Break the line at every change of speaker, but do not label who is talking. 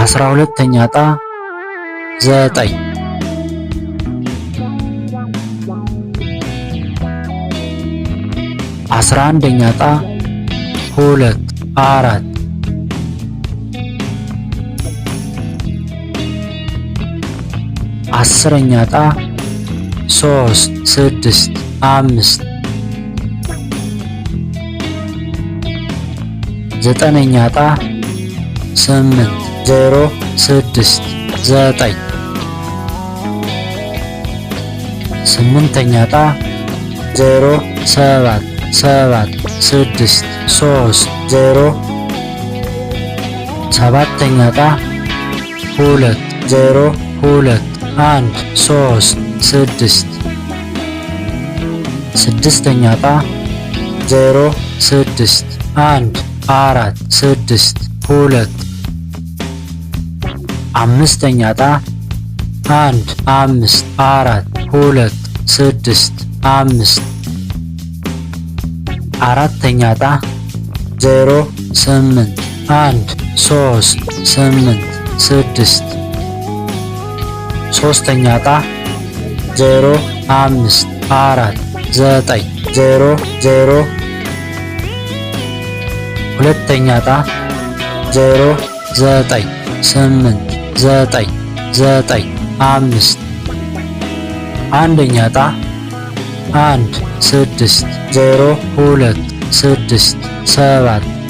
አስራ ሁለተኛ ጣ ዘጠኝ አስራ አንደኛ ዕጣ ሁለት አራት አስረኛ ጣ ሶስት ስድስት አምስት ዘጠነኛ ጣ። ስምንት ዜሮ ስድስት ዘጠኝ ስምንተኛ ጣ ዜሮ ሰባት ሰባት ስድስት ሶስት ዜሮ ሰባተኛ ዕጣ ሁለት ዜሮ ሁለት አንድ ሶስት ስድስት ስድስተኛ ጣ ዜሮ ስድስት አንድ አራት ስድስት ሁለት አምስተኛ ጣ አንድ አምስት አራት ሁለት ስድስት አምስት አራተኛ ጣ ዜሮ ስምንት አንድ ሶስት ስምንት ስድስት ሶስተኛ ጣ ዜሮ አምስት አራት ዘጠኝ ዜሮ ዜሮ ሁለተኛ ጣ ዜሮ ዘጠኝ ስምንት ዘጠኝ ዘጠኝ አምስት አንደኛ ዕጣ አንድ ስድስት ዜሮ ሁለት ስድስት ሰባት